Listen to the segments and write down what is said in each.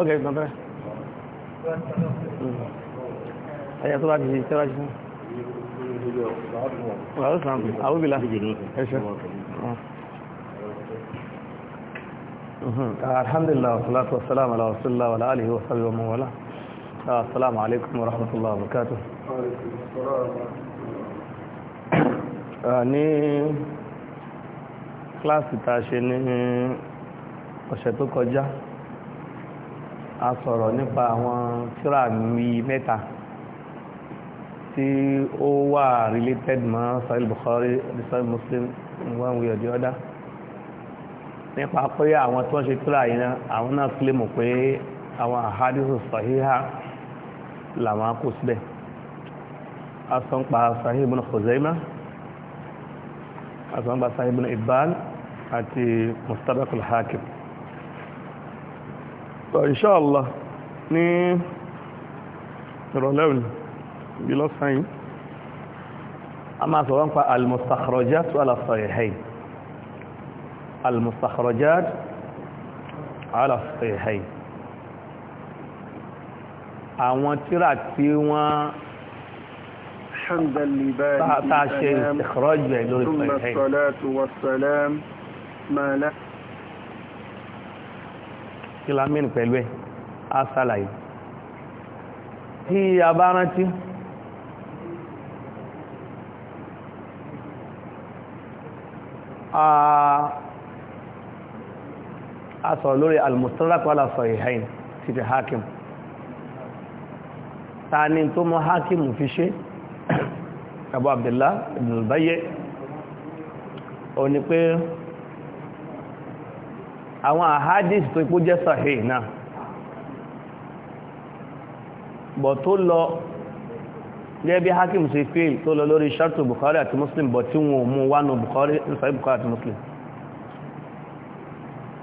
ọgẹ̀ ìgbọ̀n bẹ́ẹ̀ ayé tó bá ti ṣe tẹ́wàá ṣe wàhálà sàn àwòbìlà ẹ̀ṣẹ́ alhamdulillah wasalatu wasalamu ala rasulillah wa alihi wa sahbihi wa man wala ah, assalamu alaikum wa rahmatullahi wa barakatuh ní kíláàsì tá ṣe ní ọ̀sẹ̀ tó kọjá a sọ̀rọ̀ nípa àwọn tírà mi mẹ́ta tí ó wà related mọ́ Sahih Bukhari Sahih Muslim one way or the other nípa pé àwọn tí wọ́n ṣe tírà yìí náà àwọn náà kílè mọ̀ pé àwọn àhádìsù sàhíhá làwọn kò síbẹ̀ a sọ ń pa Sahih ibn Khuzaimah a sọ ń pa inṣáàlá ní ìrọ̀lẹ́wìn bí lọ́sàn-án a máa sọ̀rọ̀ ń pa al-mustakhrajat ala sahihayn al-mustakhrajat ala sahihayn àwọn tíra tí wọ́n ta ṣe ìkọrọ̀jù ẹ̀ lórí sahihayn kí la mẹ́rin pẹ̀lú ẹ̀ á tí a bá rántí a sọ lórí al-mustadrak ala sahihain ti ti hakim ta ni tó mọ́ hakim fi ṣe abu abdullah ibn al-bayy ó pé àwọn àhádìsì tó ipò jẹ́ sahih náà bọ̀ tó lọ gẹ́gẹ́ bí hakim ṣe fíl tó lọ lórí shartu bukhari àti muslim bọ̀ tí wọn mú wá nù bukhari sahih bukhari àti muslim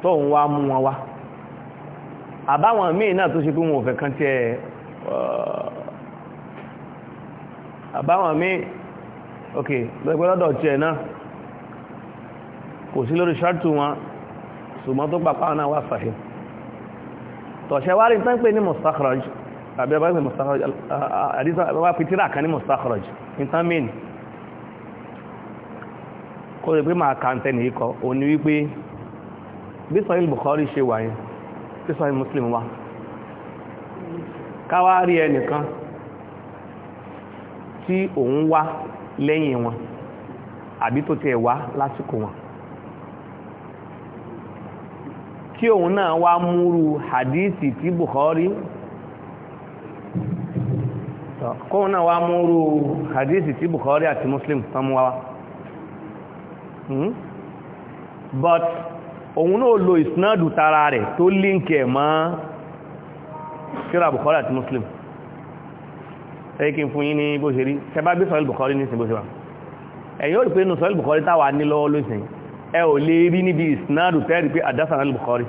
tó ń wá mú wọn wá àbáwọn míì náà tó ṣe pé wọn fẹ́ kan tí ẹ uh, àbáwọn míì ok lọ́gbẹ́lọ́dọ̀ ṣùgbọ́n tó gbà pàwọn náà wà sahih tọ̀ṣẹ́ wá rí tán pé ní mustakhraj àbí ọba ìpè mustakhraj àdísọ́ ọba pìtírà kan ní mustakhraj nǹkan mìn kó lè pé máa ka ntẹ́ nìyí kọ òní wípé bí sahih Bukhari ṣe wà yẹn bí sahih wà káwá rí ẹnìkan tí òun wá lẹ́yìn wọn àbí tó tiẹ̀ wá lásìkò wọn kí òun náà wá múrú hadisi tí Bukhari kóun náà wá múrú hadisi tí Bukhari àti Muslim tán mú hmm? but òun náà lo ìsinádù tara rẹ̀ tó líǹkì ẹ̀ mọ́ kíra Bukhari àti Muslim ẹ̀kí fún yí ní bó ṣe rí ṣẹbá gbé sọ́lẹ̀ Bukhari ní ìsìn bó ṣe wà ẹ̀yìn rí pé inú sọ́lẹ̀ Bukhari táwà ní lọ́wọ́ lóṣìí ẹ ò lè rí níbi ìsinádù tẹ́rì pé àdásàn al-Bukhari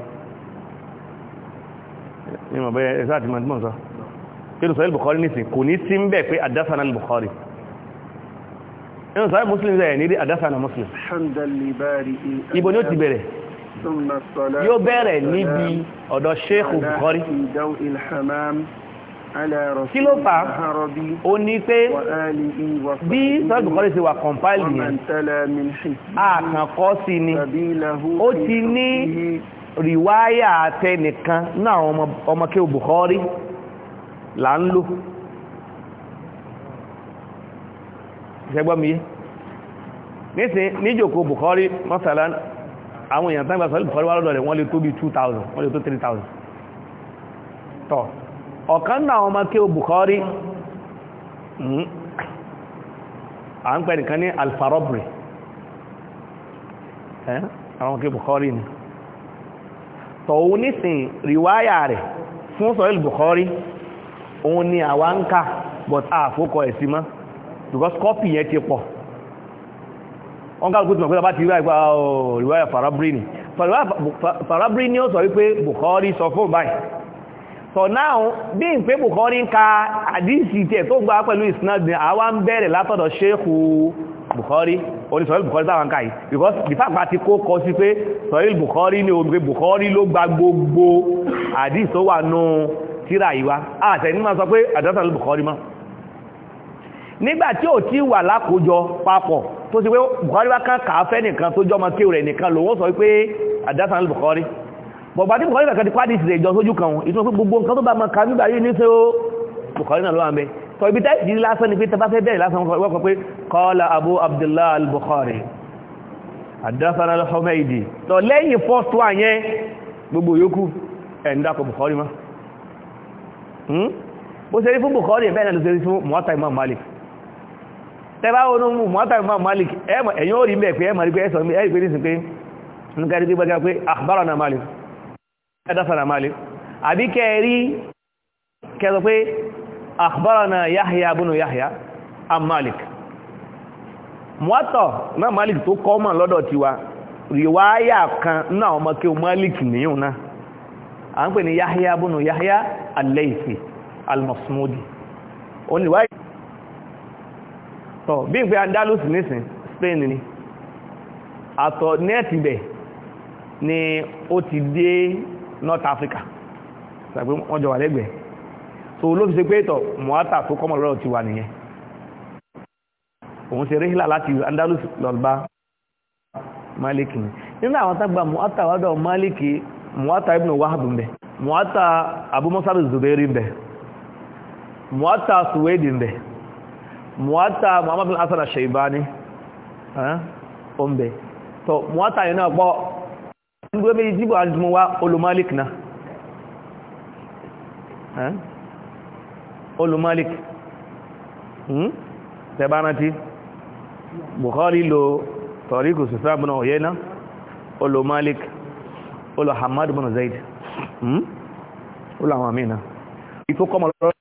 ìmọ̀ bẹ́ ẹ̀sá àti mọ̀tí sọ kínú sọ al-Bukhari nìsìn kò ní sí ń bẹ̀ pé àdásàn al-Bukhari inú sọ Muslim rẹ̀ ní rí àdásàn Muslim ibo ni kí ló fà á ó ní pé bí sọ́dùkọ́lẹ̀ ṣe wà kọ̀mpáìlì yẹn àkànkọ́ sí ni ó ti ní rìwáyà àtẹnìkan náà ọmọ kí o Bukhari là ń lò ṣẹgbọ́mìí nísìn níjòkó Bukhari mọ́sàlá àwọn èèyàn tán gbà sọ́lù Bukhari wà lọ́dọ̀ rẹ̀ wọ́n lè tó bí 2000 wọ́n lè tó 3000 tọ́ ọ̀kan náà ọmọ kí o Bukhari a hmm, ń pẹ̀lú kan ní alfarobri àwọn kí Bukhari ni tọ̀wọ́ nísìn ríwáyà rẹ̀ fún sọ̀rọ̀ Bukhari òun ni àwa ń ká but a fókọ ẹ̀sí mọ́ because copy yẹn ti pọ̀ wọ́n ká gúúsùmọ̀ pẹ́lá bá ti ríwáyà oh, ríwáyà farabri ni farabri ni ó sọ wípé Bukhari sọ fún báyìí so now bí n pé bukhari ń ka àdísì tí ẹ̀ tó gbá pẹ̀lú ìsinadìn àwa ń bẹ̀rẹ̀ látọ̀dọ̀ ṣéhù bukhari onísọ̀rọ̀ bukhari táwọn káyì because the fact àti kó kọ sí pé sọ̀rọ̀ bukhari ní omi pé bukhari ló gba gbogbo àdísì tó wà nù tíra ìwá àtẹ̀ ní máa sọ pé àdọ́tà ló bukhari mọ́ nígbà tí ò tí wà lákòójọ papọ̀ tó ti pé bukhari wá kàn kàáfẹ́ nìkan tó jọmọ kéwù rẹ̀ nìkan lòun sọ pé àdọ́tà ló bukhari bọ̀gbà tí bùkọ́rí kàkàtí pàdé ìsìnlẹ̀ ìjọ sójú kan ìtún pé gbogbo nǹkan tó bá ma ka nígbà yìí ní ṣe ó bùkọ́rí náà ló wà mẹ́ tọ́ ibi tẹ́ ìdí lásán ni pé tẹ́ bá fẹ́ bẹ́ẹ̀ lásán wọ́kọ̀ pé kọ́ọ̀lá abu abdullah al-bukhari adásánà al-humaydi tọ́ lẹ́yìn first one yẹn gbogbo yòókù ẹ̀ ń dákọ̀ bùkọ́rí ma hmm? bó ṣe rí fún bùkọ́rí ẹ̀ bẹ́ẹ̀ náà ló ṣe rí malik حدثنا مالك ابي كيري كذا اخبرنا yahya بن يحيى عن مالك na malik tó kọ́mọ̀ lọ́dọ̀ tiwa riwaya kan náà ọmọ kí malik a pè yahya yahya al-laythi al-masmudi ni wáyé tọ́ bí andalus ni north africa sàgbé wọ́n jọ wà lẹ́gbẹ̀ẹ́ so ló fi ṣe pé ìtọ̀ mọ́átà tó kọ́mọ̀ lọ́rọ̀ ti wà nìyẹn òun ṣe ríhìlà láti andalus lọ́lbá malik nínú àwọn tágbà mọ́átà wádọ̀ malik mọ́átà ibn wahab ń bẹ mọ́átà zubairi ń bẹ suwedi ń bẹ muhammadu hasan shaibani ń so yẹn náà nígbà méjì tí buhari mú wá olùmọ́lík náà olùmọ́lík hmm? tẹbárántí buhari lo tọ̀ríkù sùsáàbùnà òyẹ́ náà olùmọ́lík olùhamad bin zaid hmm? olùhàwọn àmì náà ikú kọmọ lọ́rọ̀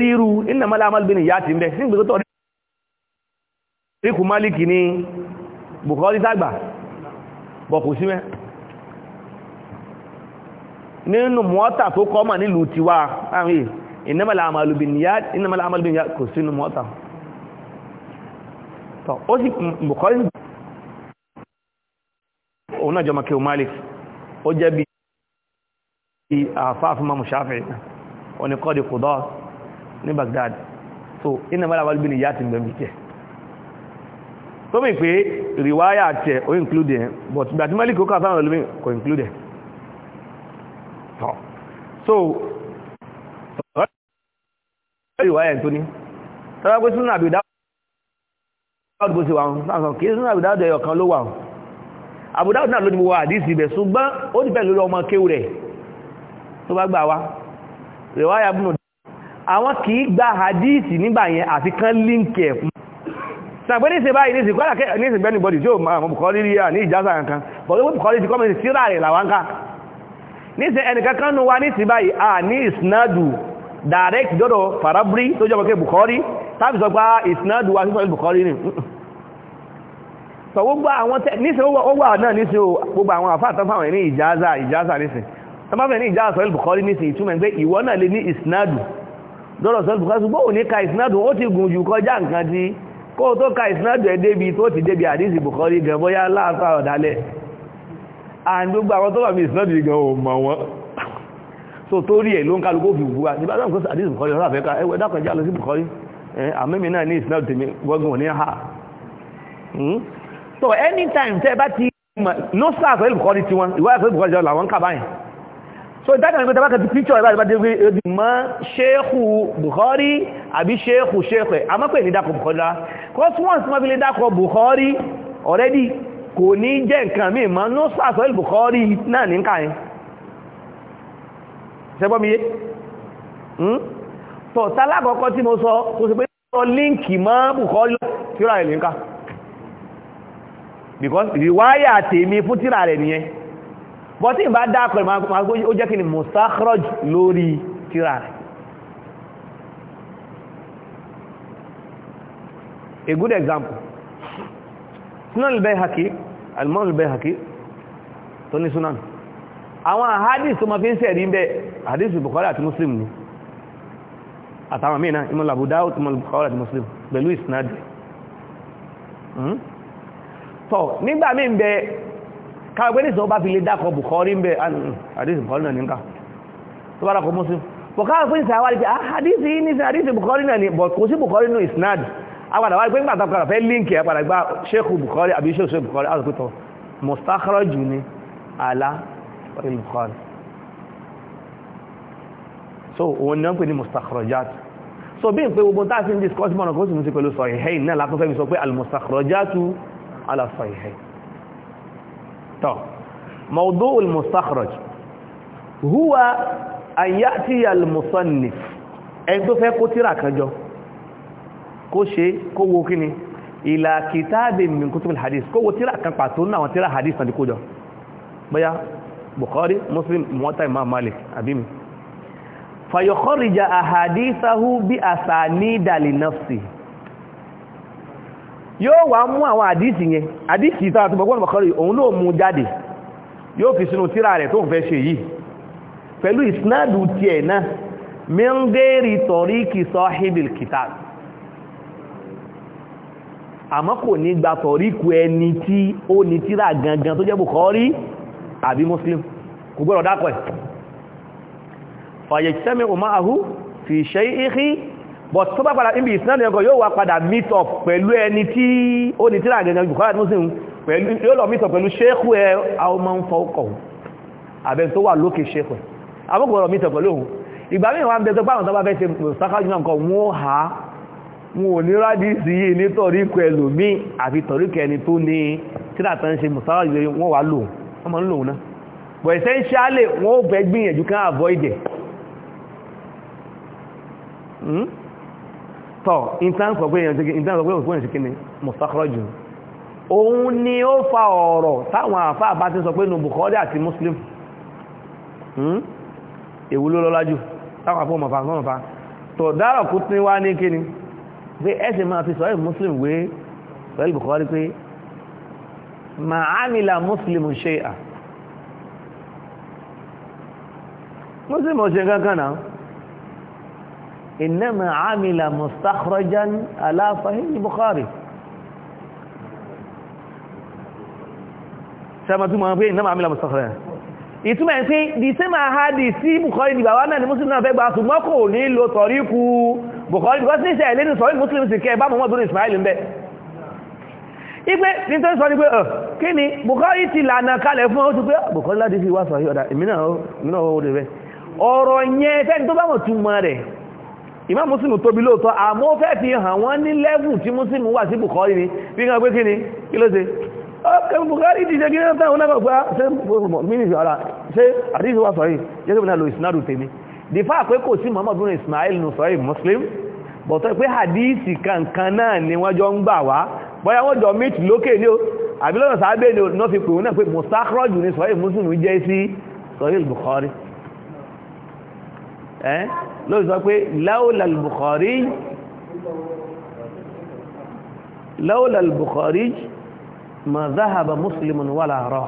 ríru iná malamal bin ìyá ti ń bọ̀ kò sí mẹ́ nínú mọ́ta tó kọ́ mà nílùú tiwa láàrin ìnámàlà àmàlùbìnìyà kò sínú mọ́ta tọ́ ó sì bùkọ́rí òun náà jọmọ kí o malik ó jẹ́ bí i àfáàfún mamu oníkọ́ di kùdọ́ ní baghdad so ìnámàlà àmàlùbìnìyà ti gbẹ̀mí So mì pé rìwáyà àtẹ̀ ó include ẹ̀ but ìgbà tí mẹ́lìkì ó kà sáwọn olómi kò include ẹ̀ so rìwáyà ẹ̀ tó ní tọ́lá pé súnà àbìdá bó ṣe wà ń sáàsàn kìí súnà àbìdá ẹ̀yọ̀ kan ló wà ń àbùdá náà ló ní wọ àdísì ibẹ̀ ṣùgbọ́n ó ti pẹ̀lú ọmọ kéwù rẹ̀ tó bá gbà wá rìwáyà bùnú àwọn kìí gba àdísì nígbà yẹn àfi kán líǹkì ẹ̀ sàgbé ní ìsìnbáyìí ní ìsìnkú àlàkẹ́ ní ìsìnkú anybody tí ó máa mọ̀ bùkọ́ lírí à ní ìjásà kankan but ó bùkọ́ lírí kọ́mọ̀ sí ráàrẹ̀ làwánká ní ìsìn ẹnìkankan nù wa ní ìsìnbáyìí à ní ìsìnádù direct dọ́dọ̀ farabri tó jọ mọ̀kẹ́ bùkọ́rí tàbí sọ pá ah, ìsìnádù wa sísọ bùkọ́rí ni gbogbo àwọn ìsìnádù dọ́dọ̀ sọ́lùbùkọ́rí ṣùgbọ́n ò ní ka ìsìnádù ó ti gùn jù kọjá nǹkan ti kó o tó ka ìsinádùn ẹ̀ débi tó ti débi àdísì Bukhari gan bóyá láàfà ọ̀dálẹ̀ and gbogbo àwọn tó wà ní ìsinádùn gan ò mọ̀ wọn so torí ẹ̀ ló ń kálukó fi wúwa nígbà tó ń kó àdísì Bukhari ọ̀rọ̀ àfẹ́ká ẹwẹ́ dákọjá lọ sí Bukhari àmẹ́mì náà ní ìsinádùn tèmi gbọ́gbọ́n ní ha hmm? so anytime tẹ́ bá ti no sáà fẹ́ Bukhari tiwọn ìwọ́ so that ní pé tàbákà ti píṣọ̀ picture about the man mọ́ ṣéèkù Bukhari àbí ṣéèkù ṣéèkù ẹ̀ amápẹ̀ ní dákọ̀ Bukhari lá cause once wọ́n fi lè dákọ̀ Bukhari already kò ní jẹ́ nǹkan míì no sars oil Bukhari náà ní káyẹn ṣẹgbọ́miyé tọ̀ hmm? tálákọ̀ọ́kọ́ tí mo sọ tó sì pé link líǹkì mọ́ Bukhari tíra ẹ̀ ní ká because ìwáyà tèmi fún tíra rẹ̀ nìyẹn bọ́tí ìbá dákọ̀ ó jẹ́ kí ni mustakhraj lórí tíra rẹ̀ a good example sunan al-Bayhaqi al-Imam al-Bayhaqi tó ní sunan àwọn hadith tó ma fi ń sẹ̀rí ń bẹ hadith Bukhari àti Muslim ni àtàwọn mìíràn imam Abu Dawud imam Bukhari àti Muslim pẹ̀lú isnad hmm? tọ́ nígbà mí ń káàgbé ní ìsọ́bá fi lè dákọ̀ Bukhari ń bẹ àdísì ah, mm, Bukhari náà nìkan tó bá dákọ̀ Muslim bọ̀ káàgbé ní ìsàwà lè àdísì ní àdísì Bukhari náà ni bọ̀ kò sí Bukhari ní isnad agbàdàwà pé nígbà tàbí kọ̀rọ̀ fẹ́ líǹkì àpàdà gba Sheikh Bukhari àbí Sheikh Bukhari àtòkútọ̀ mustakhraju ni so òun náà ń ní mustakhrajat so bí n pé gbogbo tá a ti ń discuss mọ́nà kó sì mú sí pẹ̀lú Sahihain طب موضوع المستخرج هو أن يأتي المصنف ẹni tó fẹ́ kó tíra kan jọ kó ṣe kó wo kí ni ìlà kìtàbí min kutub hadith kó wo tíra kan pàtó ní àwọn tíra hadith náà kójọ bóyá Bukhari Muslim Muwatta Imam Malik abimi fayokọ́rìjà ahadithahu bí asanida li nafsihi yóò wá mú àwọn àdísì yẹn àdísì ìtara tó bọ̀gbọ́n bọ̀kọ́rì òun ló mú jáde yóò fi sínú tíra rẹ̀ tó ń fẹ́ ṣe yìí pẹ̀lú ìsinádù tiẹ̀ náà mẹ́ngẹ́rì tọ̀rí kì sọ hibil kìtà àmọ́ kò ní gba tọ̀rí ku ẹni tí ó ní tíra gangan tó jẹ́ bọ̀kọ́rì àbí muslim kò gbọ́dọ̀ dákọ̀ ẹ̀ fàyẹ̀ sẹ́mi ò máa fi ṣe ìhí but tó bá padà níbi ìsinmi ẹ̀kọ́ yóò wá padà meet up pẹ̀lú ẹni tí ó ní tíra àgẹ̀gẹ̀ Bukhari àti Muslim pẹ̀lú yóò lọ meet up pẹ̀lú ṣéèkù ẹ àwọn ọmọ ń fọ ọkọ̀ àbẹ̀ tó wà lókè ṣéèkù ẹ̀ àbúkọ̀ lọ meet up pẹ̀lú òun ìgbà míì wọn bẹ̀tọ̀ páwọn tọ́bá fẹ́ ṣe mùsákájú náà kan wọ́n ha wọn ò ní rádìí sí yìí ní tọ̀ríkọ ẹlòmí àfi tọ̀ríkọ ẹni tó ní tíràtàn ṣe mùsákájú wọ́n wà lò wọ́n mọ̀ ń lò náà but essentially wọ́n ó fẹ́ gbìyànjú kan avoid it tọ̀ ìtànsọ̀ pé èèyàn ṣe kíni mustakhraju òun ni ó fa ọ̀rọ̀ táwọn àfáà bá ti sọ pé nù Bukhari àti Muslim hmm? èwú ló lọ́lájú táwọn àfọ́ mọ̀fà náà fa tọ̀ dárọ̀ kú tí wá ní kíni pé ẹ́sẹ̀ máa fi sọ́yìn Muslim o pẹ̀lú Bukhari pé ma amila Muslim shay'a Muslim ò ṣe kankan náà إنما عمل مستخرجا على فهم البخاري sama tu ma pe inna amila mustakhraja ituma en pe di same hadith si bukhari di bàbá náà ni muslim náà fẹ́ gbà ṣùgbọ́n kò ní lọ tariku bukhari because ni se le ni so muslim si ke ba mo do ismail nbe ipe ni to so ni pe eh kíni bukhari ti lànà kalẹ̀ fún o ti pe bukhari la di wa so oda èmi o mi o de be ọ̀rọ̀ yẹn te n mo túmọ̀ ìmá músìmù tóbi lóòtọ́ àmọ́ fẹ́ fi hàn wọ́n ní lẹ́gùn tí músìmù wà sí Bukhari ni bí i kan pé kí ni kí ló ṣe ọkẹ́ Bukhari ti ṣe gíná táwọn náà gbá ah, ṣe mínísì ọ̀rá ṣe àdíṣẹ́ wà sọ̀rí jẹ́sẹ̀bìnà Muslim bọ̀tọ́ pé hadisi kankan náà ni wọ́n jọ ń gbà wá bóyá wọ́n jọ méjì lókè ní o àbí lọ́nà sáábẹ́ ni o náà ẹ́ eh? ló sọ pé láòlàlùbùkọ̀rí láòlàlùbùkọ̀rí ma záhàbà mùsùlùmù wà láàárọ̀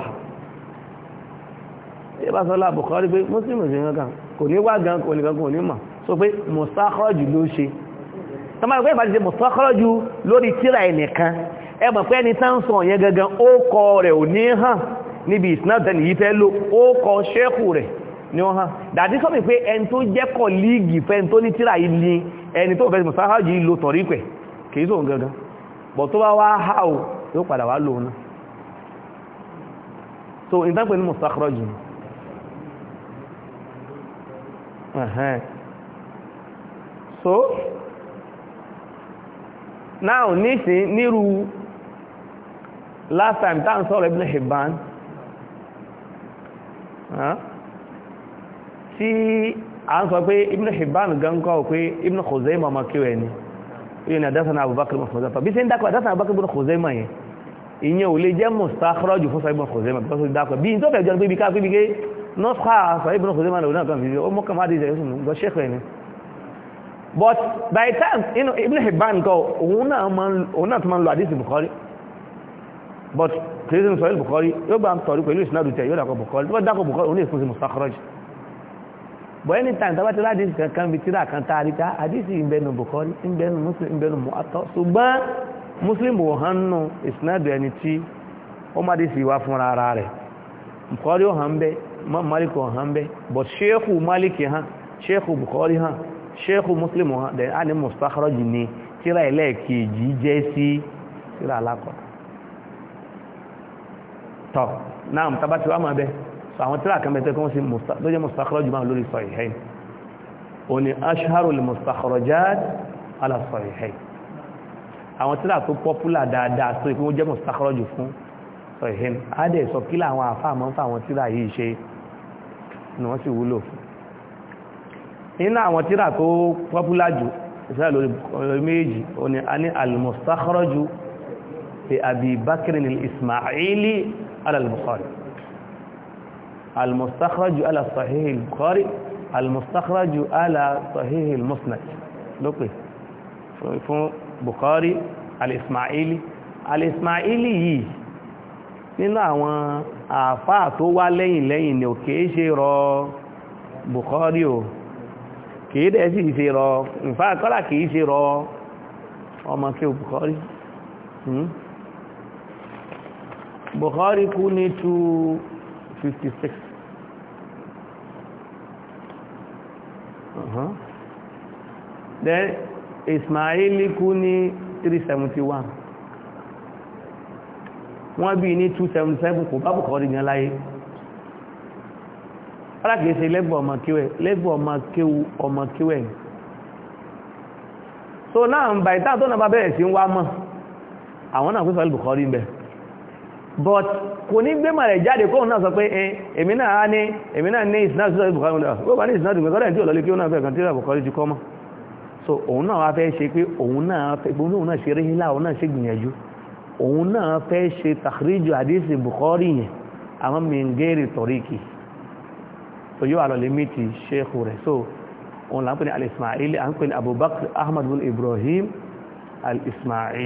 ẹ bá sọ́lá bùkọ̀rí pé mùsùlùmù sí gangan kò ní wá gan kò ní gangan kò ní mà sọ pé mùsákọ́rọ̀jù ló ṣe tọ́mọ̀ pé ìbájú ṣe mùsákọ́rọ̀jù lórí tíra ẹnìkan ẹ mọ̀ pé ẹni tán sọ yẹn gangan ó kọ rẹ̀ ò ní hàn níbi ìsinádẹ́ni yìí fẹ́ lò ó kọ ṣẹ́kù rẹ̀ ni wọ́n hàn dàdí sọ́bì pé ẹni tó jẹ́ kọ̀ líìgì fẹ́ tó ní tíra yìí ni ẹni tó fẹ́ mùsáhájì lo tọ̀rí pẹ̀ kìí sóhun gangan bọ̀ tó bá wá há o yóò padà wá lòun náà so ìtàpẹ̀ ní mùsáhájì so now nísìn nírú last time tá à ń tí a ń sọ pé ibn hibban gan kọ́ pé ibn khuzaimah ma kíwẹ̀ ni yìí na dásánà abubakar mọ̀sánà bí sí ń dákọ̀ dásánà abubakar ibn khuzaimah yẹn ìyẹn ò lè jẹ́ mustakhraj fún sọ ibn khuzaimah bí wọ́n dákọ̀ bí n tó fẹ́ jọ pé ibi ká pé bí ké nọ́fà sọ ibn khuzaimah lòun náà kan fi ó mọ́kàn má dé ìjẹ́ ìsìn gbọ́ ṣẹ́kọ̀ ẹni but by time you know, ibn hibban kọ òun náà tó máa ń lo àdísì bukhari but kìrìsìn sọ ibn bukhari yóò gbà ń tọ̀rí pẹ̀lú ìsinadùtẹ̀ yóò dákọ̀ bukhari tó bọ̀ ẹni tàn tàbá ti rádìsì kankan bí tíra kan tàríká àdìsì ìbẹnu Bukhari ìbẹnu Muslim ìbẹnu Mu'atta ṣùgbọ́n Muslim wò hàn nù ìsinádù ẹni tí ó má dìsì wá fún ara rẹ̀ Bukhari ó hàn bẹ́ Malik ó hàn bẹ́ bọ̀ ṣéèkù maliki hàn ṣéèkù Bukhari hàn ṣéèkù Muslim hàn dẹ̀ á ní mustakhraj ni tíra ẹlẹ́ẹ̀kejì jẹ́ sí tíra alákọ̀ọ́ náà máa bẹ́ẹ̀ àwọn tíra kan mẹ́tẹ́ kan sí lójẹ́ mustakhraju máa lórí sahihain o ni asharul mustakhrajat ala sahihain àwọn tíra tó pọ́pùlà dáadáa tó ìpínwó jẹ́ mustakhraju fún sahihain adẹ̀ sọ kí láwọn àfáàmọ́ fáwọn tíra yìí ṣe ni wọ́n sì wúlò fún nínú àwọn tíra tó pọ́pùlà jù ìṣẹ́lẹ̀ lórí méjì al-Bukhari المستخرج على صحيح البخاري المستخرج على صحيح المسند لوكي fún Bukhari al-Ismaili al-Ismaili yìí nínú àwọn àfáà tó wá lẹ́yìn lẹ́yìn ni ò kìí ṣe rọ Bukhari o kìí dẹ̀ sì ṣe rọ ìfà kọ́lá kìí ṣe rọ ọmọ kí o Bukhari hmm? Bukhari kú ní 256 then Ismaili kú ní 371 wọ́n bí ní 277 kò bá bùkọ́ rí gan láyé alákìí ṣe lẹ́gbọ̀ ọmọ kíwẹ̀ lẹ́gbọ̀ ọmọ kíwù ọmọ kíwẹ̀ so náà ń bá ìtàn tó náà bá bẹ̀rẹ̀ sí wá mọ́ àwọn náà fífẹ́ Bukhari ń bẹ̀rẹ̀ but kò ní gbé màrẹ̀ jáde kóhùn náà sọ pé ẹ eh, èmi náà á ní èmi náà ní ìsináà sísọ ìbùkárí ọ̀dọ̀ ní ìsináà ìgbẹ̀ lọ́lé kí ó náà fẹ́ kàntírà bùkárí ju kọ́mọ́ so òun náà wá fẹ́ ṣe pé òun náà fẹ́ gbóhùn òun náà ṣe rí hílà òun náà ṣe gbìyànjú òun náà fẹ́ ṣe tàkìríjù àdísì bùkárí yẹn àwọn so yóò àlọ́lé mìtì ṣéèkù rẹ̀ so òun là ń pè ní al-Ismaili à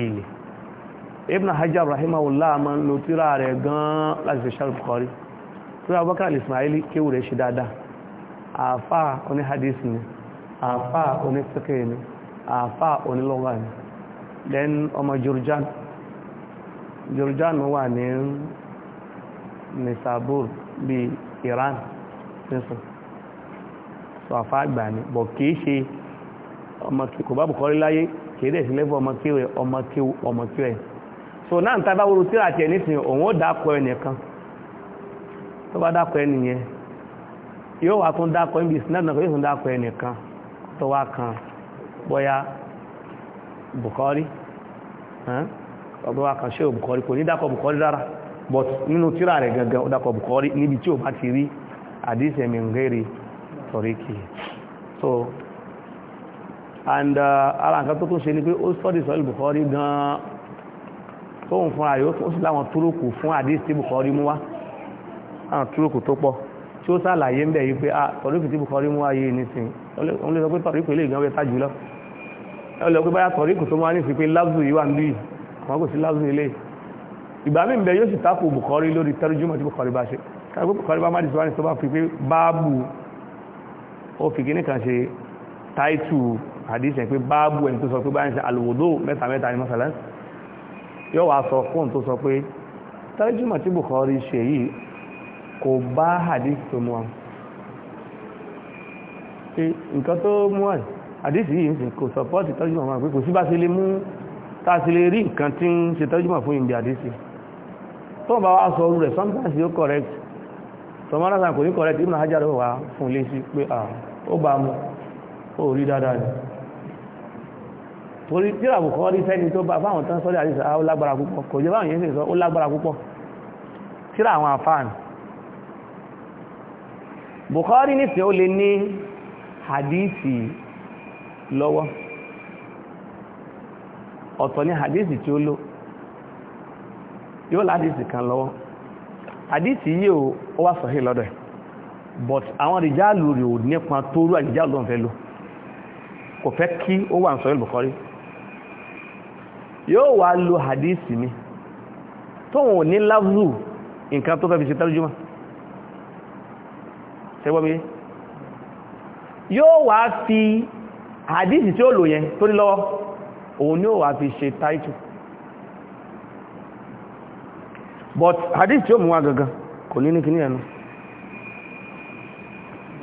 ibn hajjar rahimahullah ma ń lo tíra rẹ̀ gan láti fi ṣe Bukhari tíra Abubakar ismaili kéwù rẹ̀ ṣe dáadáa àfà oní hadith ni àfà oní fiqh ni àfà oní lugha ni then ọmọ jurjan jurjan wà ní nisabur bí Iran nísìn so àfà àgbà ni bọ̀ kìí ṣe ọmọ kò bá Bukhari láyé kìí dẹ̀ sí lẹ́fọ́ ọmọ kíwẹ̀ ọmọ kíwẹ̀ so náà ń tàbá wúrú tíra tẹ̀ nísìn òun ó dákọ̀ ẹnìkan tó bá dákọ̀ ẹnìyẹn yóò wà tún dákọ̀ ẹnìyàn sinadà náà yóò tún dákọ̀ tó wá kan bóyá ọgbọ́n kan ṣe bukori kò ní dákọ̀ bukori rárá but nínú tíra rẹ̀ gangan ó dákọ̀ Bukhari níbi tí bá ti rí àdísẹ̀ mi ń so and uh, ara tó tún ṣe ni pé ó sọ́dí sọ́lì tóun fúnra rẹ̀ ó sì láwọn túrókù fún àdéhùn tí Bukhari mú wá àwọn túrókù tó pọ̀ tí ó sàlàyé ń bẹ̀ yí pé ah tọ̀ríkù tí Bukhari mú wá yé nísìn òun lè sọ pé tọ̀ríkù ilé ìgbọ́n bẹ́ẹ̀ tájú lọ ẹ lọ pé báyà tọ̀ríkù tó máa ní sí pé lábùsù yìí wà ń bí àwọn kò sí lábùsù ilé ìgbà mí bẹ yóò sì tako Bukhari lórí tẹrújúmọ̀ tí Bukhari bá ṣe káàkiri Bukhari bá má dì síwájú tó bá fi pé báàbù ó fi kíní kan ṣe táìtù àdìsẹ̀ pé báàbù ẹni tó sọ pé báyìí ṣe àlùwòdó mẹ́ta mẹ́ta ni mọ́sálásí yóò wá sọ fóun tó sọ pé tẹ́lẹ̀jùmọ̀ tí Bukhari ṣe yìí kò bá hadith tó mú wa pé nǹkan tó mú wa hadith yìí ń sìn kò sọpọ́ọ̀tì tẹ́lẹ̀jùmọ̀ máa pé kò sí bá sí lè mú tá a sì lè rí nǹkan tí ń ṣe tẹ́lẹ̀jùmọ̀ fún ìdí hadith tó bá wá sọ rẹ̀ sometimes yóò correct tọmọ́nà sàn kò ní correct Ibn Hajar wà fún lé sí pé ah, ó bá mú ó rí dáadáa torí tí àbùkọ́ rí fẹ́ni tó bá fáwọn tán sọ́dẹ̀ àdísà ó lágbára púpọ̀ kò jẹ́ báwọn yẹn sì sọ ó lágbára púpọ̀ tíra àwọn àfáàn Bukhari ní ó lè ní hadisi lọ́wọ́ ọ̀tọ̀ ní hadisi tí ó lò yóò ládìsì kan lọ́wọ́ hadisi yìí ó wá sọ̀hí lọ́dọ̀ but àwọn àdìjálù rẹ̀ ò nípa tó rú àdìjálù ọ̀fẹ́ lò kò fẹ́ kí ó wà ń sọ̀hí Bukhari yóò wá lo hadisi mi tóhun wọn ní láfzù nǹkan tó ka fi ṣe tẹ́lújúmọ́ ṣẹgbọ́mí yóò wá fi hadisi tí ó lò yẹn tó ní lọ́wọ́ òun ni ó wá fi ṣe táìtù but hadisi tí ó mú wá gangan kò ní ní kí ní ẹnu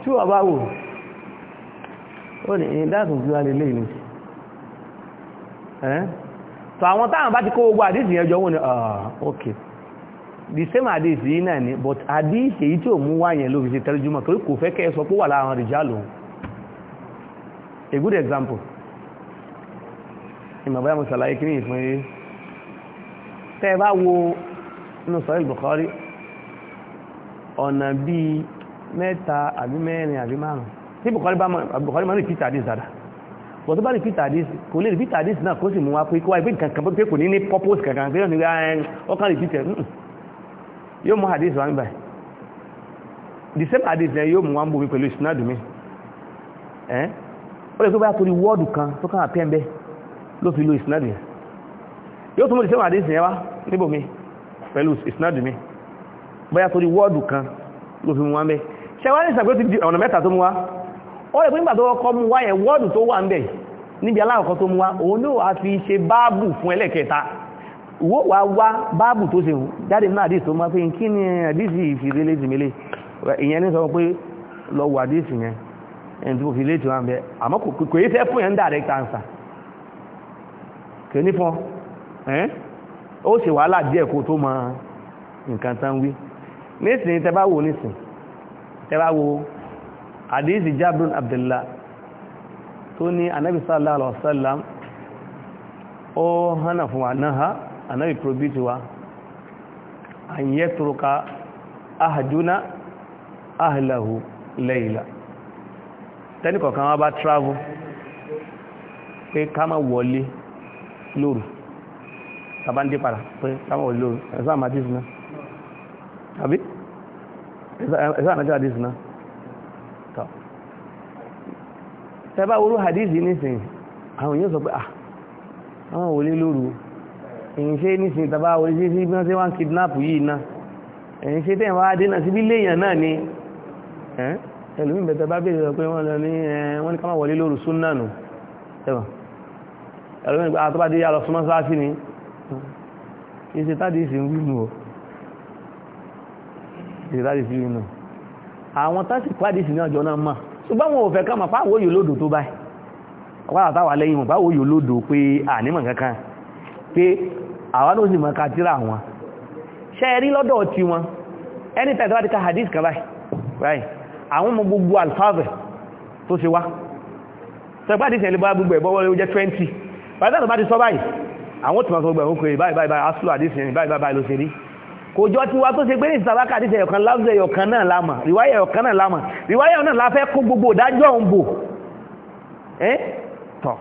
tí wà bá wò ó ní ìdáàtùn lè lè ní so àwọn táwọn bá ti kó gbogbo àdísì yẹn jọ wọ́n ni ah, ok the same àdísì yìí náà ni but àdísì èyí tí ò mú wá yẹn ló fi ṣe tẹ́lẹ̀júmọ̀ torí kò fẹ́ kẹ́ ẹ sọ pé wà láwọn a good example ìmọ̀ báyà mo ṣàlàyé kí ní ìpín rí tẹ́ ẹ bá wo inú sọ́yìn Bukhari ọ̀nà bíi mẹ́ta àbí mẹ́rin àbí márùn-ún tí Bukhari bá mọ̀ Bukhari máa ń rìpítà àdísì dáadáa bọ̀ tó bá rí peter dis kò lè rí peter dis náà kó sì mú wa pé kó wá ìpín kankan pé kò ní ní purpose kankan pé ọ̀nà ọkàn rí ah, peter hmm. yóò mú hadith wa níbàá the same hadith yẹn yóò mú wa ń bomi pẹ̀lú ìsinádùn mi ẹ́ ó lè tó bá torí wọ́ọ̀dù kan tó kàn àpẹ́ ẹ̀mbẹ́ ló fi lo ìsinádùn yẹn yóò tún mú the same hadith yẹn wá níbòmí pẹ̀lú ìsinádùn mi bóyá torí wọ́ọ̀dù kan ló fi mú wa ń bẹ́ ṣẹ́wá ní ìsàgbé ti di ọ̀nà mẹ́ta tó mú wa ó rẹ̀ pé nígbà tó kọ́ mú wá yẹn wọ́ọ̀dù tó wà ń bẹ̀ níbi aláàkọ́ tó mú wá òun a fi ṣe báàbù fún ẹlẹ́kẹta wó wá wá báàbù tó ṣe jáde náà àdìsí tó máa fi kí ni àdìsí ìfìrẹ́lẹ́ ìdìmẹ́lẹ́ ìyẹn ní sọ pé lọ wà àdìsí yẹn ẹni fi wọn bẹ àmọ́ kò yí fẹ́ fún yẹn direct answer ó ṣe wàhálà díẹ̀ kó tó nǹkan tán àdíìsì jábìrún abdullah tó ní anábi sallallahu alaihi wasallam ó hánà fún wa náà anábi probiti wa an yẹ turuka ahàjúná ahìláhù lẹ́yìnlá tẹ́nìkọ̀kan wá bá travel pé ká má wọlé lóru tàbá ń dé padà pé ká má wọlé lóru ẹ̀sán àmàdísì náà tẹ́bá orú hadith nísìn àwọn yóò sọ pé ah àwọn wòlé lóru èyí ṣe nísìn tẹ́bá orí sí sí bíọ́n tí wọ́n kidnap yìí náà èyí ṣe tẹ́yìn wáá dínà síbí léèyàn náà ni ẹlòmí bẹ̀tẹ̀ bá bèèrè sọ pé wọ́n lọ ní wọ́n ní ká má wọlé sí ah, ni kì í ṣe tádìí sí wí nù ọ́ kì í ṣe tádìí sí wí nù àwọn tásìkò àdìsí ní ọjọ́ náà máa ṣùgbọ́n wọn ò fẹ́ kàn mọ̀ fáwọn òyò lódò tó báyìí àwọn àtàwà lẹ́yìn mọ̀ fáwọn òyò lódò pé ànímọ̀ kankan pé àwọn ló sì mọ̀ ká tíra wọn ṣe rí lọ́dọ̀ ti wọn ẹni tẹ̀tẹ̀ bá ti ka hadith kan báyìí àwọn ọmọ gbogbo alfáàfẹ́ tó ṣe wá sọpá ti tẹ̀lé bá gbogbo ẹ̀bọ́wọ́ ló jẹ́ 20 bàtà tó bá ti sọ báyìí àwọn kò jọ ti wá tó ṣe pé ní ìsàbákà àti ìṣẹ̀yọ̀kan láwùjọ ẹ̀yọ̀kan náà lámà ìwáyà ẹ̀yọ̀kan náà lámà ìwáyà náà la fẹ́ kó gbogbo ìdájọ́ òun bò ẹ́ tọ̀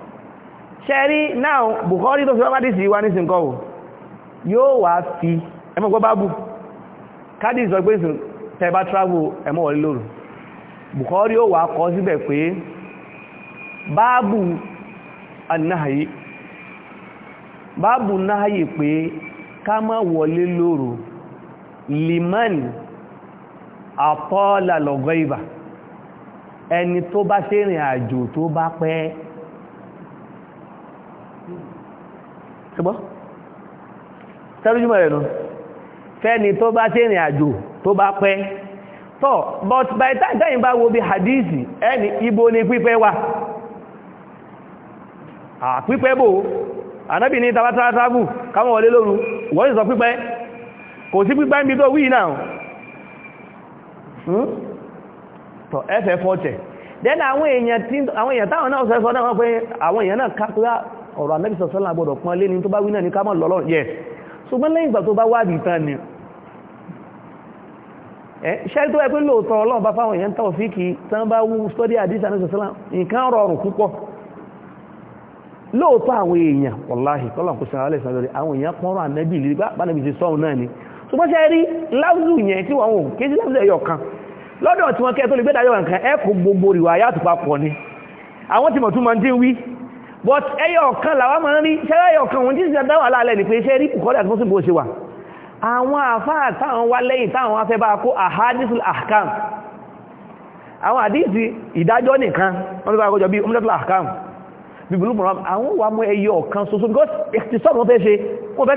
ṣẹ́rí náà Bukhari tó fi wá mádìsí wá ní sìnkọ́ o yóò wá fi ẹmọ́ gbọ́ bábù kádì sọ pé tẹ́ bá travel ẹmọ́ wọlé lóru Bukhari yóò wá kọ síbẹ̀ pé báàbù anáhàyè báàbù náhàyè pé ká má wọlé lóru liman àtọ́ọ̀lá lọ́gọ́ ìbà ẹni tó bá ṣe ìrìn àjò tó bá pẹ́ ṣùgbọ́n tẹ́lújúmọ̀ rẹ̀ nù fẹ́ni tó bá ṣe ìrìn àjò tó bá pẹ́ tọ́ but by time tẹ́yìn bá wo bí hadithi ẹni ibo ni pípẹ́ wà àpípẹ́ bò anábì ní tabatára tábù káwọn wọlé lóru wọ́n sọ pípẹ́ kò sí pípẹ́ ibi tó wí náà hmm? tọ̀ ẹfẹ́ fọ́tẹ̀ dẹ́nà àwọn èèyàn táwọn náà sẹ́sọ́ náà wọ́n pé àwọn èèyàn náà kákúrá ọ̀rọ̀ amẹ́bìsọ̀ sọ́lá gbọ́dọ̀ pọ́n lé ní tó bá wí náà ní ká mọ̀ lọ́lọ́ yes ṣùgbọ́n lẹ́yìn ìgbà tó bá wádìí ìtàn ni ṣẹ́rí tó ẹgbẹ́ lóòtọ́ ọlọ́run bá fáwọn èèyàn tàwọn fíkì tán bá wú sọ́dí àdísà ní sọ́sọ́lá nǹkan rọrùn púpọ̀ lóòtọ́ àwọn èèyàn wọláhì tọ́lọ̀ kò sàrálẹ̀ sàrẹ̀ àwọn èèyàn pọ́nrọ̀ ànẹ́bì lè bá bánàbì ti sọ́run náà ni ṣùgbọ́n ṣe rí láwùzù yẹn tí wọ́n wò kí sí láwùzù ẹ̀yọ̀ kan lọ́dọ̀ tí wọ́n kẹ́ tó lè gbẹ́dà yọ̀ nǹkan ẹ̀kọ́ gbogbo rìwà yàtọ̀ papọ̀ ni àwọn tí mọ̀tún máa ń dín wí but ẹ̀yọ̀ kan làwa máa ń rí ṣẹ́rẹ́ ẹ̀yọ̀ kan wọ́n jíjìn dáadáa wà láàlẹ́ ni pé ṣe rí kùkọ́lẹ̀ àti mọ́sùn bó ṣe wà àwọn àfáà táwọn wá lẹ́yìn táwọn wá fẹ́ bá kó ahadisul ahkam àwọn àdíìsì ìdájọ́ nìkan wọ́n fẹ́ bá kọjọ bí umdatul ahkam bí bulugh maram àwọn wà mú ẹyọ kan ṣoṣo because ìtìsọ́nù wọ́n fẹ́ ṣe wọ́n fẹ́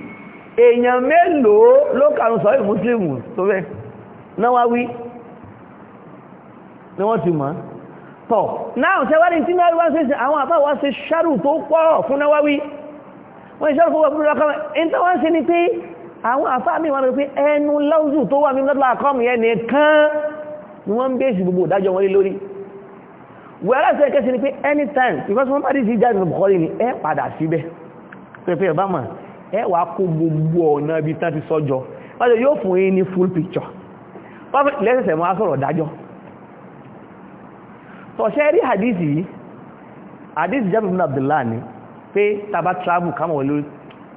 èèyàn mélòó ló kàrùn sọ ìmúsílìmù tó bẹ́ náà wá wí ni wọ́n ti mọ̀ tọ̀ náà tẹ́wàá ní tí náà wá sí àwọn àbáwá sí ṣàrù tó pọ̀ fún náà wá wí wọ́n ni ṣàrù fún ọkọ̀ in tó wọ́n sí ni pé àwọn àfáà mi wọ́n pé ẹnu láúzù tó wà ní lọ́dọ̀ àkọ́mù yẹn nìkan ni anytime because wọ́n bá dì sí ni ẹ padà síbẹ̀ pẹ̀pẹ̀ ọ̀bá mọ̀ ẹ wà kó gbogbo ọ̀nà ibi tán ti sọ́jọ́ wájọ yóò fún yín ní full picture lẹ́sẹ̀sẹ̀ mọ́ sọ̀rọ̀ dájọ́ tọ̀ṣẹ́ rí hadithi yìí hadithi jẹ́ bíbí abdullahi ni pé tàbá travel kámọ̀ wọlé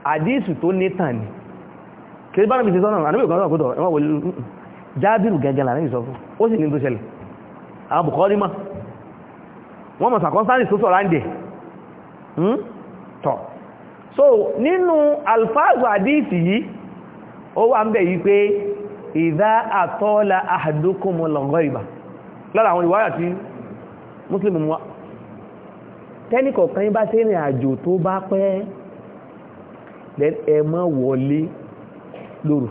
hadithi tó nítàn ni kìí bá nàbí ti sọ́nà àníbẹ̀ kan sọ́kútọ̀ ẹ̀wọ̀n wọlé jábìrù gẹ́gẹ́ lànàbì sọ fún ó sì ní tó ṣẹlẹ̀ àwọn bùkọ́rí mọ́ wọ́n mọ̀ sàkọ́nsáàlì tó sọ̀rọ̀ àǹdẹ̀ hmm? tọ̀ so nínú alfáàzù àdíìtì yìí ó wà ń bẹ̀ yìí pé ìdá àtọ́ọ́lá àdókòmọ̀ lọ́gọ́ ìbà lára àwọn ìwáyà tí muslim mú wa tẹ́nìkọ̀ọ̀kan bá ṣe ìrìn àjò tó bá pẹ́ ẹ má wọlé lóru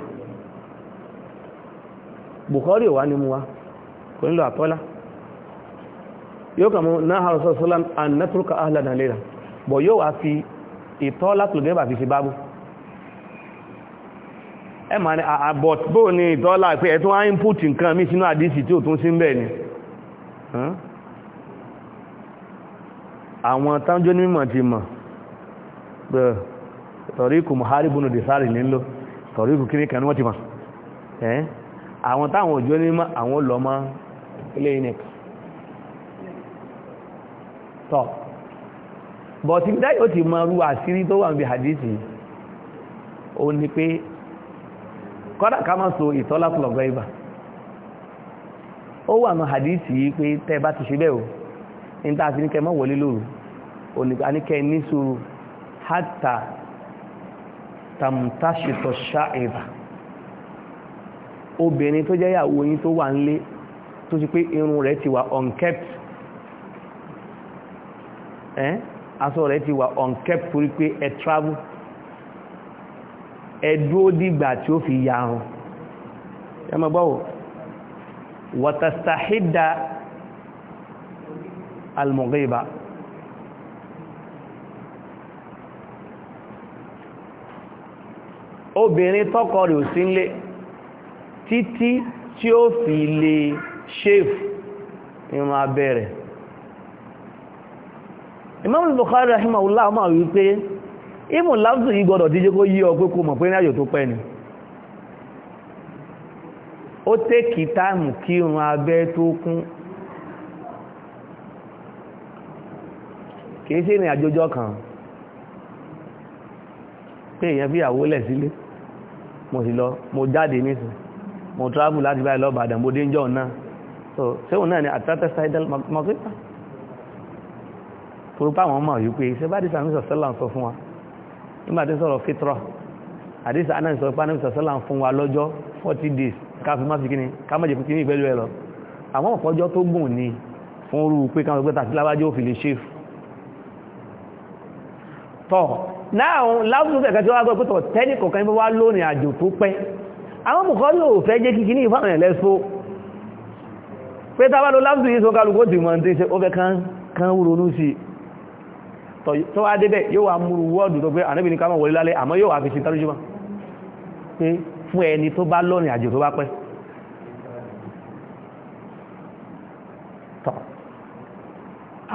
Bukhari wà ní mú kò nílò àtọ́lá yóò kàmù náà harasọ́sọ́lá ahlana lera bọ̀ yóò wá ìtọ́ látòlùgẹ́bà fi ṣe bábú ẹ ma ní àbọ̀t ah, ah, bó ní ìtọ́ láìpẹ́ ẹ̀ tó wá input nǹkan mí sínú àdísì tí ò tún sí bẹ́ẹ̀ ni àwọn tánjó ní mímọ̀ ti mọ̀ tọ̀ríkù Buhari búnú dìsáàrì nílò tọ̀ríkù kí ní kan wọ́n ti mọ̀ àwọn táwọn òjò ní mọ́ àwọn lọ́mọ́ ilé bọ̀tí bí dáyò ti mọ rú àṣírí tó wà hadithi ó ní pé kọ́dà ká so ìtọ́lá pọ̀lọ̀gọ́ ibà ó wà ní hadithi yìí pé tẹ́ bá ti ṣe o ní tá a mọ́ wọlé lóru ó ní a ní kẹ́ hátà irun aṣọ rẹ̀ ti wà unkept torí pé ẹ travel ẹ dúó dìgbà tí ó fi ya ahun ẹ mọ̀ gbọ́wọ́ wàtàstàhídà almọ̀gẹ́bà obìnrin tọ́kọ rẹ̀ ò sí títí tí ó fi lè ṣéfù ní ma Imam Bukhari rahimahullah máa wí pé ìmọ̀ láàzù yìí gbọdọ̀ díje kó yí ọ pé kó mọ̀ pé ní àjò tó pẹ́ ni ó tẹ́kì táìmù kí irun abẹ́ tó kún kìí sí ìrìn àjòjọ́ kan pé èyàn fi àwó lẹ̀ sílé mo sì lọ mo jáde nísìn mo travel láti báyìí lọ Ìbàdàn mo dé ń jọ náà so ṣéhùn náà ni àtàtà sidal makita tó bá wọn mọ̀ wípé ìṣẹ́bádìí sàmìsọ̀ sẹ́là ń sọ fún wa nígbà tí sọ̀rọ̀ fitrọ àdìsí anáà sọ pé anáà sọ̀lá ń fún wa lọ́jọ́ 40 days káfí má fi kíní ká má jẹ́ fún kíní ìbẹ́lú ẹ lọ àwọn ọ̀pọ̀jọ́ tó gùn ní fún orú pé káwọn gbẹ́ta sí lábájọ́ òfin lè ṣe tọ́ náà láwùjọ ẹ̀ka tí wọ́n gbọ́ pé tọ̀ tẹ́nì kọ̀ọ̀kan ní wá lónìí àjò tó pẹ́ àwọn mọ̀kọ́ yóò fẹ́ jẹ́ kíkí ní ìfáwọn ẹ̀lẹ́ so pé tábà lọ láwùjọ yìí sọ kálukó tì mọ́ ní ṣe ó fẹ́ kán ronú sí i tó wá débẹ̀ yóò wá múrú wọ́ọ̀dù tó pé ànábì ní ká má wọlé lálẹ́ àmọ́ yóò wá fi ṣe tárújúmọ́ pé fún ẹni tó bá lọ́rìn àjò tó bá pẹ́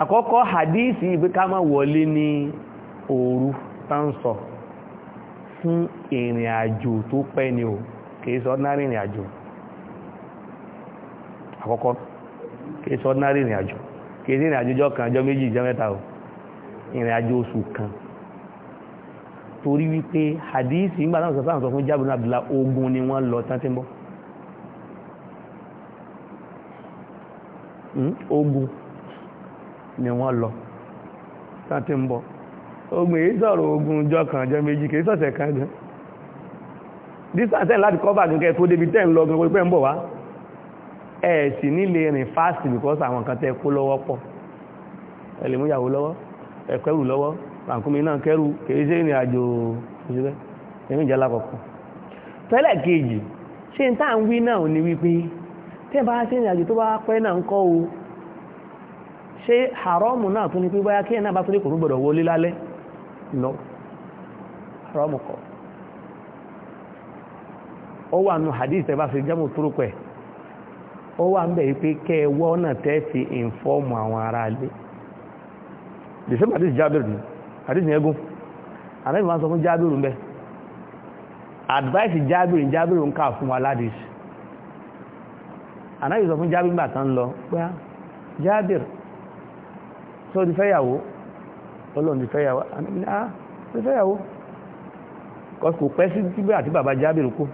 àkọ́kọ́ hadisi ìgbé ká má wọlé ní òru táǹsọ̀ fún ìrìn àjò tó pẹ́ ni ò kìí sọ náà àjò àkọ́kọ́ kìí sọ náà àjò kìí àjò jọ kan jọ méjì o ìrìn àjò oṣù kan torí wípé hadisi nígbà náà sọ́sọ́ sọ fún jábìrún abdullahi hmm? ogun ni wọ́n lọ tán tí ń bọ̀ ogun ni wọ́n lọ tán tí ń bọ̀ ogun èyí sọ̀rọ̀ ogun ọjọ́ kan ọjọ́ méjì kìí sọ̀sẹ̀ kan gan distance ẹ̀ láti cover gẹ́gẹ́ tó débi tẹ́ ń lọ gan pẹ́ ń bọ̀ wá ẹ̀ sì nílé rìn fast because àwọn kan tẹ́ kó lọ́wọ́ pọ̀ ẹ̀ lè mú ìyàwó lọ́wọ́ ẹ̀kẹ́rù lọ́wọ́ ràkúnmí náà kẹ́rù kìí ṣe ìrìn àjò òṣèré ẹ̀mí ìjà lákọ̀ọ́kọ́ tẹ́lẹ̀ kejì ṣe ń tàn wí náà ní wípé tẹ́ bá ṣe ìrìn àjò tó bá pẹ́ náà ń kọ́ o ṣe haramu náà tún ní pé báyá kí ẹ̀ náà bá tún ní gbọ́dọ̀ wọlé lálẹ́ lọ haramu kọ́ ó wà nù hadith tẹ́ bá ṣe jẹ́mù túrúkọ̀ ẹ̀ ó wà ń bẹ̀ wípé kẹ́ wọ́ náà tẹ́ fi àwọn the same hadith jabir ni hadith ni egun anabi ma sọ fún jabir ń bẹ advice jabir jabir ń kà fún wa ládìs anabi sọ fún jabir nígbà tán lọ pé jabir tó di fẹ́yàwó ọlọ́run di fẹ́yàwó anabi ni ah di fẹ́yàwó kò pẹ́ sí tíbẹ̀ àti bàbá jabir kú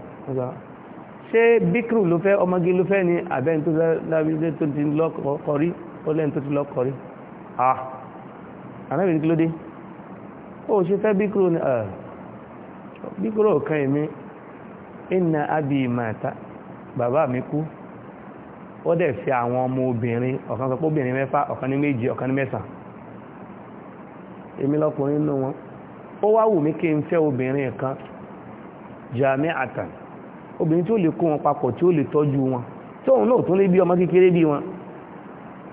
ṣé bíkìrù ló fẹ́ ọmọge ló fẹ́ ni àbẹ́ni tó ti lọ́kọ̀ọ́rí ó lẹ́ni tó ti lọ́kọ̀ọ́rí ah anábìrin kí ló dé ó ṣe fẹ́ bí kúrò àbí ah, bàbá mi kú ó dẹ̀ fi àwọn ọmọ obìnrin ọ̀kan sọ obìnrin mẹ́fà ọ̀kan ní méje ọ̀kan ní mẹ́sàn èmi lọ́kùnrin nínú wọn ó wá wù mí kí n fẹ́ obìnrin kan jami atan obìnrin tí ó wọn papọ̀ tí ó lè tọ́jú wọn tí òun náà ọmọ kékeré bí wọn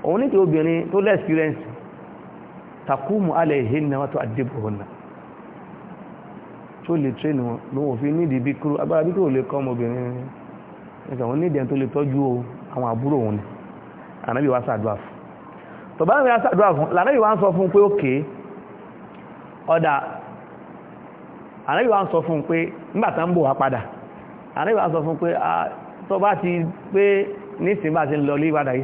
òun ní obìnrin tó takumu alaihinna wa tu'addibuhunna tó lè train wọn ló wọ́n fi nídi bí kúrò agbára bí kúrò lè kọ́ ọmọbìnrin ẹgbẹ̀ wọn nídi ẹn tó lè tọ́jú àwọn àbúrò òun ni ànábì wá sàdúrà fún tọ̀bá náà sàdúrà fún lànábì wá ń sọ fún pé òkè ọ̀dà ànábì wá ń sọ fún pé nígbà tá ń bò wá padà ànábì wá ń sọ fún pé ah, tọba ti pé nísìnyí bá ti ń lọ lé ìwádàá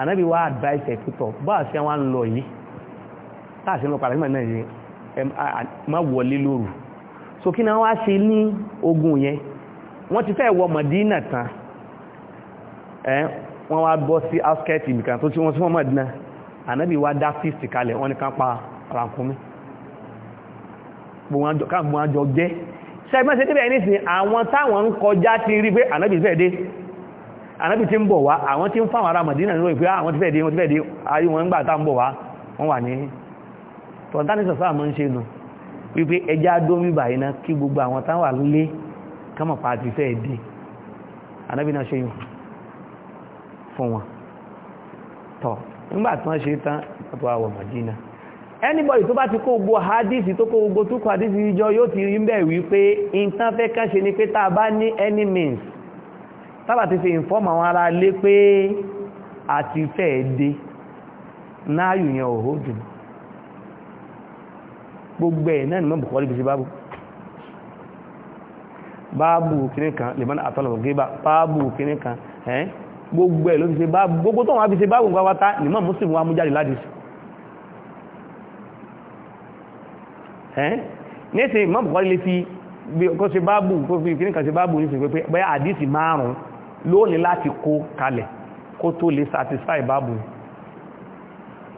ànábì wá advice ẹ̀kútọ̀ bá a ṣe wá ń lọ yìí tá a ṣe ń lọ pàdánù náà yìí má wọlé lóru so kí náà wá ṣe ní ogun yẹn wọ́n ti fẹ́ wọ Mọ̀dínà tán ẹ́ wọ́n wá bọ́ sí áskẹ́tì nìkan tó tí wọ́n súnmọ́ Mọ̀dínà ànábì wá dá fíìsì kalẹ̀ wọ́n ní ká pa ràkúnmí gbogbo àjọ jẹ́ ṣẹ́gbọ́n ṣe débẹ̀ nísìnyí àwọn táwọn ń anábì tí ń bọ̀ wá àwọn tí ń fáwọn ará Mọ̀dínà nínú ìpé àwọn ah, tí fẹ́ dé wọn tí fẹ́ dé ayé wọn ń gbà tá ń bọ̀ wá wọ́n wà ní tọ̀ntánisọ̀sọ́ àmọ́ ń ṣe nù wípé ẹjá dómi báyìí náà kí gbogbo àwọn táwọn wà lé anybody tó bá ti kó gbogbo hadisi tó kó gbogbo túkọ̀ hadisi ìjọ yóò ti rí ń wípé nǹkan fẹ́ ṣe ni pé tá ní any means tábà ti fi ìfọ́mà wọn ara lé pé àti fẹ́ dé náàyù yẹn òhó jù gbogbo ẹ̀ náà ni mọ́ bùkọ́lì bí sí bábù bábù kìíní kan lè mọ́nà àtọ́lọ̀ gẹ́bà bábù kìíní kan ẹ́ gbogbo ẹ̀ ló fi ṣe bábù gbogbo tó wọ́n fi ṣe bábù pàpátá ni mọ́ mùsùlùmí wa mú jáde láti sí ẹ́ nísìnyí mọ́ bùkọ́lì lè fi kó ṣe bábù kó fi kìíní kan ṣe bábù ní ṣe pé bẹ́ẹ̀ lónìí láti kó kalẹ̀ kó tó lè satisfy báàbù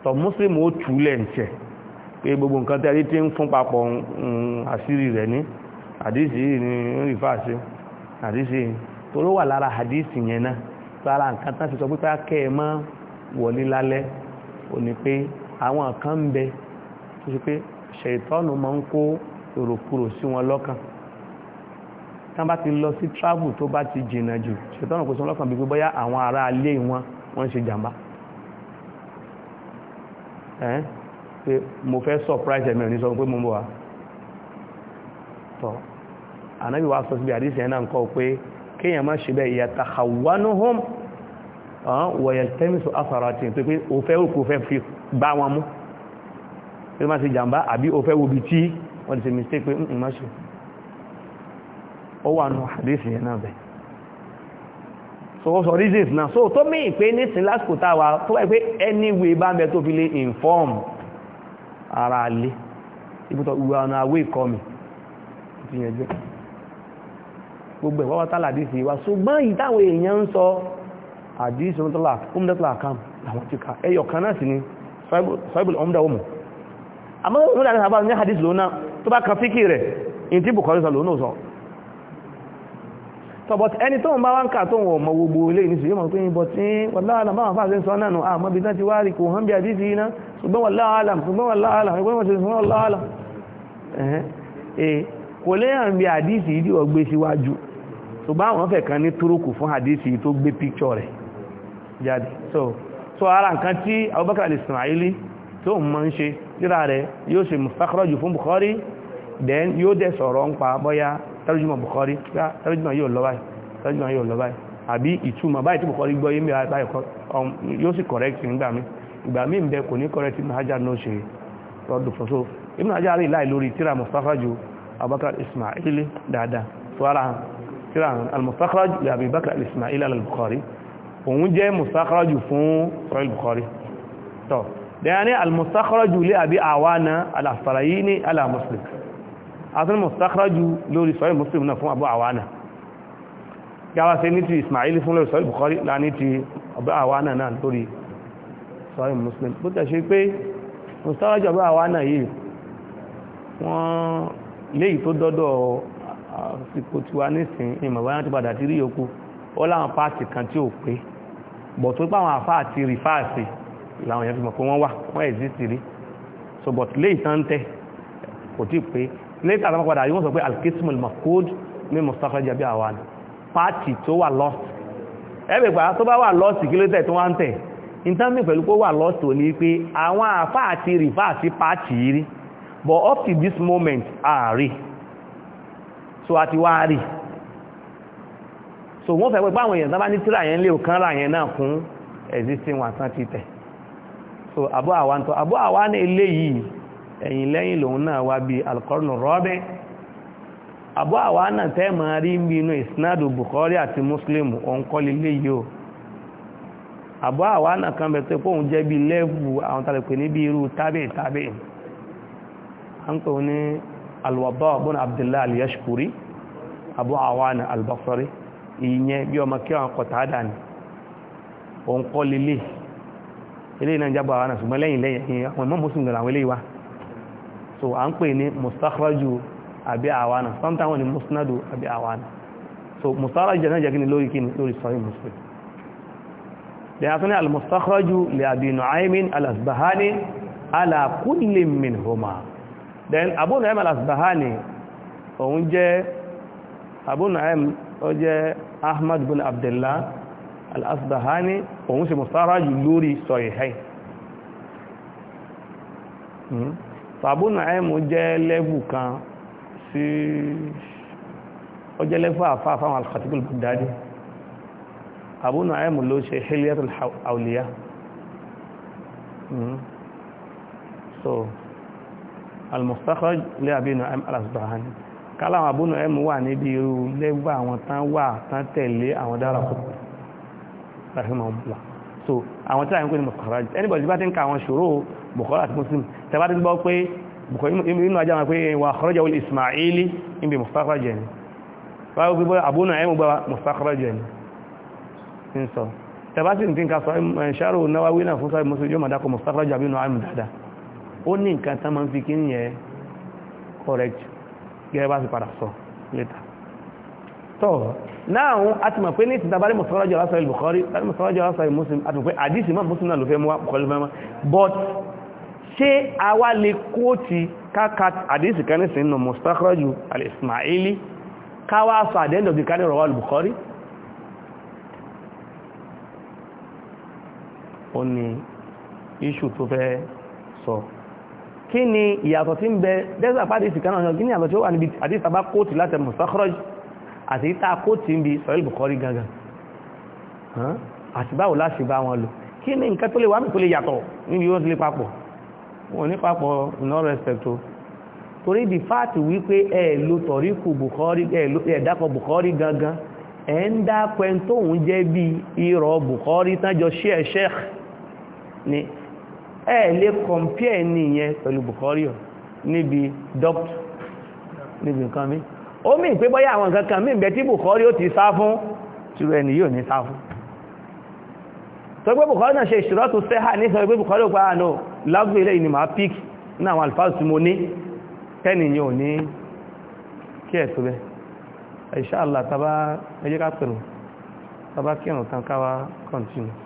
tọ̀ muslim ó túlẹ̀ ń tẹ̀ pé gbogbo nǹkan tẹ́rí tí ń fún papọ̀ mm, àṣírí rẹ̀ ní àdísì ní rífàṣí àdísì tó ló wà lára àdísì yẹn náà lára nǹkan tán ti sọ pípẹ́ kẹ́ ẹ mọ́ wọlé lálẹ́ ò ní pé àwọn kan ń bẹ tó ṣe pé ṣètọ́nù máa ń kó èròkúrò sí wọn lọ́kàn tán bá ti lọ sí travel tó bá ti jìnà jù ṣètọ́nà kò sí ọlọ́kàn bí bóyá àwọn ará alé wọn wọ́n ṣe jàmbá ẹ́ pé mo fẹ́ surprise ẹ̀mẹ́ òní sọ pé mo bọ̀ wá tọ́ ànábì wa sọ síbi àdísẹ̀ náà kọ́ pé kéèyàn má ṣe bẹ́ẹ̀ yatahawwanuhum wa yaltamisu atharatin tó pé o fẹ́ òkú fẹ́ fi bá wọn mú pé má ṣe jàmbá àbí o fẹ́ wo bí tí wọ́n ti ṣe mistake pé ń ṣe ó wà nù hadith So bẹ̀ so reasons náà so tó mìí pé nísìn lásìkò táwà tó wáyé pé anyway bá bẹ tó fi lè inform ara lé ibùtọ̀ ìwà ọ̀nà àwé ti gbogbo ẹ̀wọ́ wátà làdísì ṣùgbọ́n ìtàwọn èèyàn ń sọ àdísì ọmọdọ́là ni tó bá kan fíkì rẹ̀ ìtí lónà so but ẹni tó ń bá wá ń kà tó ń wọ̀n mọ gbogbo ilé ìníṣù yóò mọ̀ pé ìbọ̀ tí wàláàlà báwọn fàáṣẹ́ ń sọ náà nù àmọ́ ah, bí láti wá rí kò hàn bí àdísì iná ṣùgbọ́n wàláàlà ṣùgbọ́n wàláàlà ṣùgbọ́n wọ́n ṣe ṣùgbọ́n wàláàlà kò lè hàn bí àdísì yìí wọ́n gbé síwájú ṣùgbọ́n àwọn fẹ̀ kan ní túrùkù fún àdísì yìí tó gbé píkṣọ̀ rẹ̀ jáde so so ara nǹkan tí Abubakar al-Ismaili tó ń mọ́ ń ṣe síra rẹ̀ yóò ṣe mustakhraju fún Bukhari then yóò dẹ̀ sọ̀rọ̀ ń pa bọ́yá tẹ́rùjúmọ̀ Bukhari tẹ́rùjúmọ̀ yóò lọ báyìí tẹ́rùjúmọ̀ yóò lọ báyìí àbí ìtumọ̀ báyìí tí Bukhari gbọ́ yé mìíràn báyìí um, yóò sì correct nígbà mi ìgbà mi ń bẹ kò ní correct Ibn Hajar náà ṣe rọ́dù fọ́só Ibn Hajar rí láì lórí tíra mustakhraj Abubakar Ismail dáadáa tó ara hàn tíra al-mustakhraj li Abi Bakr Ismail al-Bukhari òun jẹ́ mustakhraj fún sọ́yìn Bukhari tọ́ asọ́nà mustakhraju lórí sọ́yìn muslim náà fún abu awana yàwá sí ní ti ismaili fún lórí sọ́yìn bukhari láni ti abu awana náà lórí sọ́yìn muslim bó tẹ̀ ṣe pé mustakhraju abu awana yìí wọ́n léyìí tó dọ́dọ̀ àsìkò tí wà nísìn ìmọ̀bá yán ti padà ti rí yòókù ó láwọn páàtì tí rí so but léyìí tán tẹ́ later àwọn padà yíwọ́n sọ pé alkismul mafkud ní mustapha jabi awan pàtì tó wà lost ẹgbẹ̀gbà tó bá wà lost kílótẹ̀ tó wá ń tẹ̀ ìtàmì pẹ̀lú pé wà lost ò ní pé àwọn àfá àti rìfá àti pàtì rí but up to this moment ààrí so àti wá rí so wọ́n fẹ́ pẹ́ báwọn èèyàn sábà ní tíra yẹn lè kán ra yẹn náà fún existing one tán ti tẹ̀ so àbọ̀ àwa ń tọ́ àbọ̀ àwa ní eléyìí ẹ̀yìn lẹ́yìn lòun náà wá bí alkọ́rùnù rọ́bẹ́ àbọ́ àwa náà tẹ́ máa rí bí inú ìsinádù Bukhari àti Muslim òǹkọ́lé léyìí o àbọ́ àwa náà kan bẹ̀ tó pòun jẹ́ bí lẹ́vù àwọn tàbí níbi irú tábì tábì à ń pè ní alwabba bin Abdullah al-Yashkuri Abu Awana al-Basri ìyẹn ilé náà àwọn àṣùgbọ́n lẹ́yìn lẹ́yìn àwọn ìmọ̀ mọ́sùn gbọ̀n àwọn ilé wa so à ń pè ní mustakhraju àbí àwana sometimes wọ́n ní musnadu àbí àwana so mustakhraju náà jẹ́ kí ni lórí kí ni lórí sahih muslim لأثناء المستخرج لأبي نعيم الأسبهاني على كل منهما لأن أبو نعيم الأسبهاني ونجي أبو نعيم ونجي أحمد بن عبد الله الأسبهاني ونجي مستخرج لوري صحيحين sàbúnà ẹ̀mù jẹ́ lẹ́fù kan sí ọjẹ́ lẹ́fù àfáà fáwọn alkhatibul Baghdadi àbúnà ẹ̀mù ló ṣe hilyatul awliya hmm. so al-mustakhraj lé àbínà ẹ̀mù al-Asbahani káláwọn àbúnà ẹ̀mù wà níbi irú lẹ́fù àwọn tán wà tán tẹ̀lé àwọn dára kùkù anybody bá ti ń ka àwọn ṣòro bukhari àti muslim tẹbàtí gbọ́ pé inú ajá wọn pé wà kọrọjà olè ismaili ibi mustakhrajin wáyé gbogbo àbúnà ẹmù gbà mustakhrajin ń sọ tẹbàtí ní ká sọ ṣàrò eh, náwàwí náà fún correct sọ later tọ́ náà a ti mọ̀ pé ní ìtìtàbárí mọ̀sọ́rọ̀jọ́ Bukhari tàbí mọ̀sọ́rọ̀jọ́ lásán Muslim àti pé àdísì máa Muslim náà ló fẹ́ mú wá Bukhari fẹ́ but ṣé àwa lè kóòtì káka àdísì kan nísìn nù mustakhraju al-ismaili káwà sọ àdẹ́ndọ̀ bí kánì rọwà al-bukhari ó ní iṣu tó fẹ́ sọ kí ni ìyàtọ̀ tí ń bẹ dẹ́sà pàdé ìsìnká náà kí ni àtọ̀ tí ó wà níbi àdísì àbá kóòtì láti mustakhraj àti ìta kóòtì ń bi sọ̀rọ̀ al-bukhari gangan àti báwo láti bá wọn lò kí ni nǹkan tó lè wà mí tó lè yàtọ̀ níbi ó ti lè papọ̀ wọn ní papọ̀ no respect o torí di fáàtì wípé ẹ lo tọ̀ríkù Bukhari ẹ dákọ̀ Bukhari gangan ẹ ń dápẹ́ tóun jẹ́ bí irọ́ Bukhari tájọ ṣe sheikh ni ẹ lè compare nìyẹn pẹ̀lú Bukhari níbi doctor níbi nǹkan mi ó mì pé bọ́yá àwọn nǹkan kan mí bẹ tí Bukhari ó ti sá fún ṣùgbọ́n ẹni yóò ní sá fún tó gbé Bukhari náà ṣe ìṣirọ́tù sẹ́hà ní sọ pé Bukhari ó pa àánú lágbé ilẹ̀ ìní máa pík ní àwọn alfáàsù mo ní tẹ́nìyàn ò ní kí ẹ̀ tó bẹ́ inshallah tàbá ẹjẹ́ ká pẹ̀lú tàbá kírùn tán káwá continue